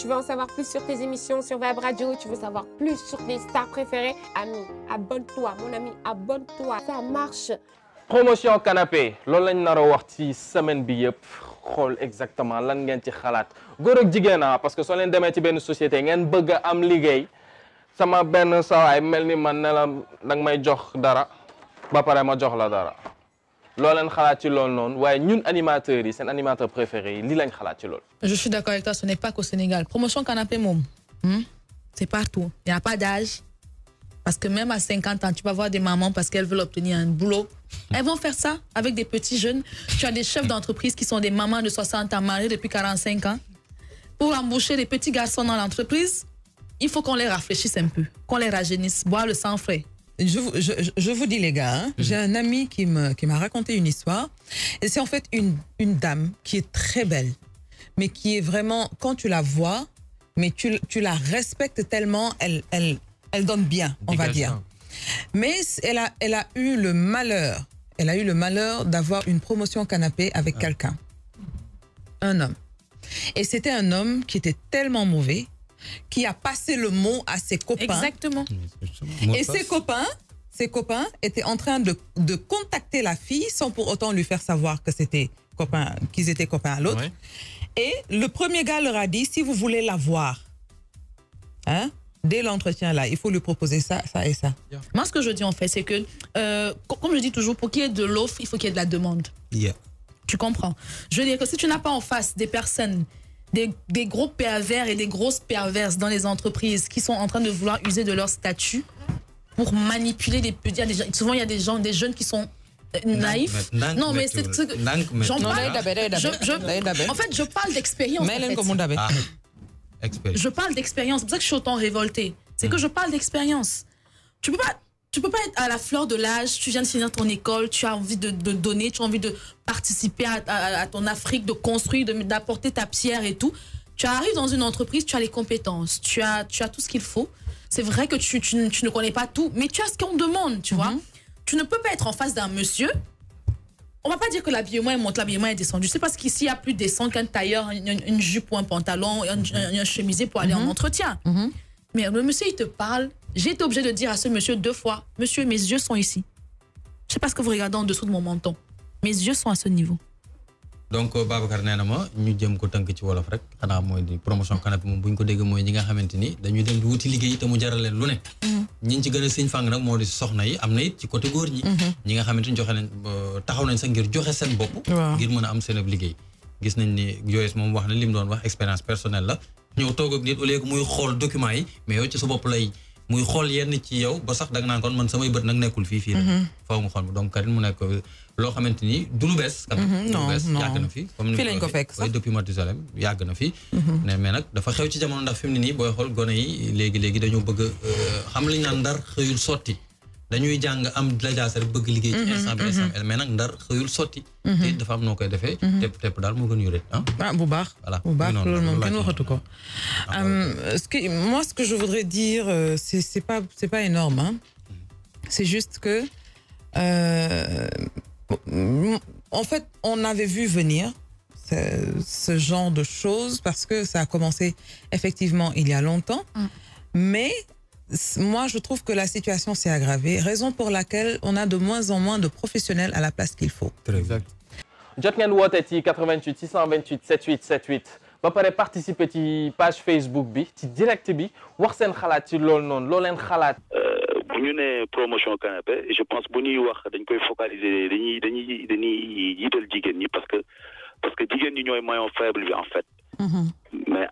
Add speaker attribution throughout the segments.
Speaker 1: Tu veux en savoir plus sur tes émissions sur Web Radio Tu veux savoir plus sur tes stars préférées Ami, abonne-toi, mon ami, abonne-toi. Ça marche.
Speaker 2: promotion canapé Lola lañ nar semen wax ci semaine bi yëpp exactement lan ngeen ci xalaat góor ak ah, parce que soo leen demee ci société ngeen bëgg am liggéey sama ben sawaay mel ni man la may jox dara ba ma la dara je suis
Speaker 1: d'accord avec toi ce n'est pas qu'au Sénégal promotion canapé môme, hmm, c'est partout il n'y a pas d'âge parce que même à 50 ans tu vas voir des mamans parce qu'elles veulent obtenir un boulot elles vont faire ça avec des petits jeunes tu as des chefs d'entreprise qui sont des mamans de 60 ans mariées depuis 45 ans pour embaucher des petits garçons dans l'entreprise il faut qu'on les rafraîchisse un peu qu'on les
Speaker 3: rajeunisse boire le sang frais je, vous dis les gars, hein, mhm. j'ai un ami qui m'a raconté une histoire. Et c'est en fait une, dame qui est très belle, mais qui est vraiment, quand tu la vois, mais tu, la respectes tellement, elle, donne bien, on va dire. Mais elle a, eu le malheur, elle a eu le malheur d'avoir une promotion canapé avec ah. quelqu'un, un homme. Et c'était un homme qui était tellement mauvais qui a passé le mot à ses copains. Exactement. Et ses copains, ses copains étaient en train de, de, contacter la fille sans pour autant lui faire savoir que c'était copain, qu'ils étaient copains à l'autre. Et le premier gars leur a dit si vous voulez la voir, hein, dès l'entretien là, il faut lui proposer ça, ça et ça. Moi, ce que je dis en fait, c'est que, euh, comme je dis toujours, pour qu'il y ait de l'offre, il faut
Speaker 1: qu'il y ait de la demande. Yeah. Tu comprends Je veux dire que si tu n'as pas en face des personnes des, gros pervers et des grosses perverses dans les entreprises qui sont en train de vouloir user de leur statut pour manipuler des petits. souvent, il y a des gens, des jeunes qui sont naïfs. Non, mais c'est. J'en parle. en fait, je parle d'expérience. Ah, je parle d'expérience. C'est pour ça que je suis autant révoltée. C'est hmm. que je parle d'expérience. Tu peux pas tu peux pas être à la fleur de l'âge, tu viens de finir ton école, tu as envie de, donner, tu as envie de participer à, ton Afrique, de construire, d'apporter ta pierre et tout. Tu arrives dans une entreprise, tu as les compétences, tu as, tu as tout ce qu'il faut. C'est vrai que tu, ne connais pas tout, mais tu as ce qu'on demande, tu vois. Mhm. Tu ne peux pas être en face d'un monsieur. On va pas dire que l'habillement est monté, l'habillement est descendu. C'est parce qu'ici, il y a plus décent qu'un tailleur, une, jupe ou un pantalon, un, un, chemisier pour aller en mhm. entretien. Mhm. Mais le monsieur, il te parle j'ai été obligée de dire à ce monsieur deux fois, monsieur, mes yeux sont ici. Je sais pas ce que vous regardez en dessous de mon menton. Mes yeux sont à ce niveau.
Speaker 2: donc euh, Babacar Nenama, na ma ñu jëm ko tënk ci wolof rek xanaa mooy di promotion canapé moom bu ñu ko dégg mooy ñi nga xamante ni dañuy dem di wuti liggéey te mu jaraleen lu ne mhm. ñi ci gëna a fang nak nag moo di soxna yi am na it ci côté góor ñi mhm. ñi nga xamante ni joxe nañ euh, taxaw nañ sax ngir joxe seen bopp ngir mën a am seen ab liggéey gis nañ ni Joyce moom wax na lim doon wax expérience personnelle la ñëw toog ak nit au lieu que muy xool document yi mais yow ci sa bopp lay muy xool yenn ci yow ba sax da nga naan kon man samay bët nag nekkul fii fii rek mhm. faaw mu xool donc Karine mu nekk loo xamante ni du lu bees quand mhm. du lu bees yàgg na fi comme fii lañ ko fekk sax depuis Mathusalem yàgg na fi mhm. ne mais nag dafa xew ci jamono ndax fi mu ne nii booy xool gone yi léegi-léegi dañoo bëgg euh, xam li ñu naan ndar xëyul sotti dañuy jàng am la rek bëgg liggéey ci mhm, instant bi mhm. instant bi mais nag ndar xëyul sotti mhm. te dafa am noo koy defee tepp tepp daal moo gën yuréet ah ah bu baax voilà bu baax loolu
Speaker 3: moom kenn waxatu ko ah, euh, ce que moi ce que je voudrais dire euh, c'est c'est pas c'est pas énorme hein c'est juste que euh, en fait on avait vu venir ce, ce genre de choses parce que ça a commencé effectivement il y a longtemps mm. mais moi, je trouve que la situation s'est aggravée, raison pour laquelle on a de moins en moins de professionnels à la place qu'il faut. Exact.
Speaker 2: 88 628 7878. 78 ba participer la page Facebook direct euh,
Speaker 4: promotion canapé je pense focaliser parce que parce que faible en fait. Mm-hmm. mais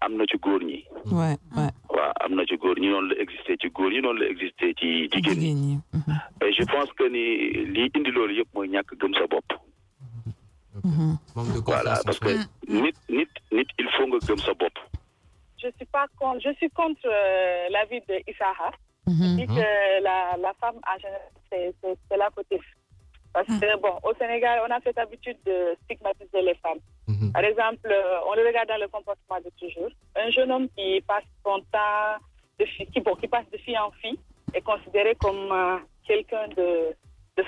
Speaker 4: am na ci góor ñi noonu la existé ci góor ñi noonu la existé ci jigéen ñi mhm. et je pense que ni li indi loolu yëpp mooy ñàkk gëm sa bopp mhm. voilà parce que mhm. nit nit nit il faut nga gëm sa bopp je suis pas contre je suis contre euh, l'avis de Isaaha il dit que la la femme en général c'est c'est la fautive au Sénégal, on a cette habitude de stigmatiser les femmes. Mhm. Par exemple, on le regarde dans le comportement de toujours. Un jeune homme qui passe de fille, qui, qui passe de fille en fille, est considéré comme euh, quelqu'un de, de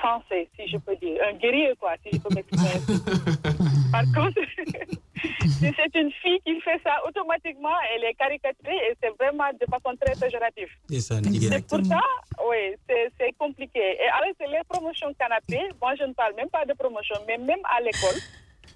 Speaker 4: si je peux dire. Un guerrier, quoi, si je peux m'exprimer. Par contre. c'est une fille qui fait ça automatiquement, elle est caricaturée et c'est vraiment de façon très péjorative.
Speaker 2: C'est
Speaker 4: pour ça, oui, c'est compliqué. Et alors, c'est les promotions canapé. Moi, je ne parle même pas de promotion, mais même à l'école,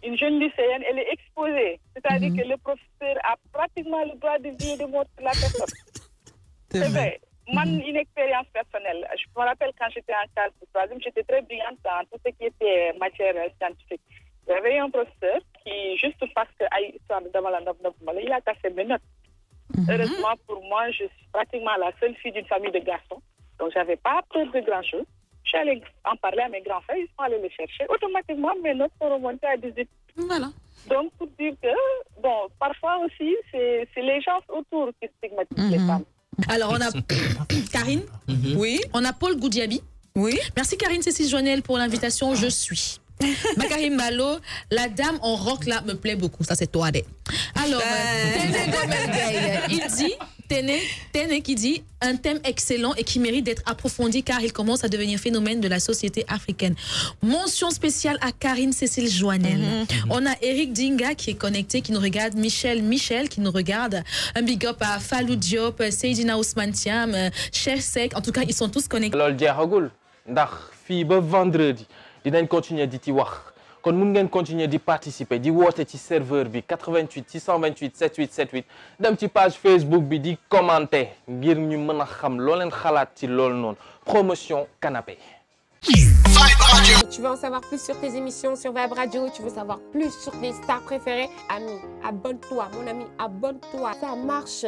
Speaker 4: une jeune lycéenne, elle est exposée. C'est-à-dire mhm. que le professeur a pratiquement le droit de vie et de mort la personne.
Speaker 2: c'est
Speaker 4: vrai. Moi, mhm. une expérience personnelle. Je me rappelle quand j'étais en classe de troisième, j'étais très brillante dans tout ce qui était matière scientifique. J'avais un professeur qui, juste parce qu'il la il a cassé mes notes. Mhm. Heureusement pour moi, je suis pratiquement la seule fille d'une famille de garçons. Donc, je n'avais pas peur de grand-chose. Je suis allée en parler à mes grands-frères, ils sont allés me chercher. Automatiquement, mes notes sont remontées à 18. Voilà. Donc, pour dire que, bon, parfois aussi, c'est les gens autour qui stigmatisent
Speaker 1: les mhm. femmes. Alors, on a Karine, mhm. oui. on a Paul Goudiabi. Oui. Merci Karine Cécile Joannel pour l'invitation. Je suis. Karim Malo, la dame en rock là me plaît beaucoup. Ça, c'est toi, des. Alors, ben. euh, il dit, Tene, Tene qui dit un thème excellent et qui mérite d'être approfondi car il commence à devenir phénomène de la société africaine. Mention spéciale à Karine Cécile Joannel. Mhm. Mhm. On a Eric Dinga qui est connecté, qui nous regarde, Michel Michel qui nous regarde, un big up à Falou Diop, Seydina Ousmane Thiam, euh, Cher Sek. En tout
Speaker 2: cas, ils sont tous connectés. Lol, vendredi dinañ continuer di ci wax kon ngeen continuer di participer di woote ci serveur bi 88 628 7878, 78 dem page Facebook bi di commenter ngir ñu mën xam loo xalaat ci promotion canapé.
Speaker 1: Tu veux en savoir plus sur tes émissions sur Vibe Radio, tu veux savoir plus sur tes stars préférées, ami, abonne-toi, mon ami, abonne-toi, ça marche.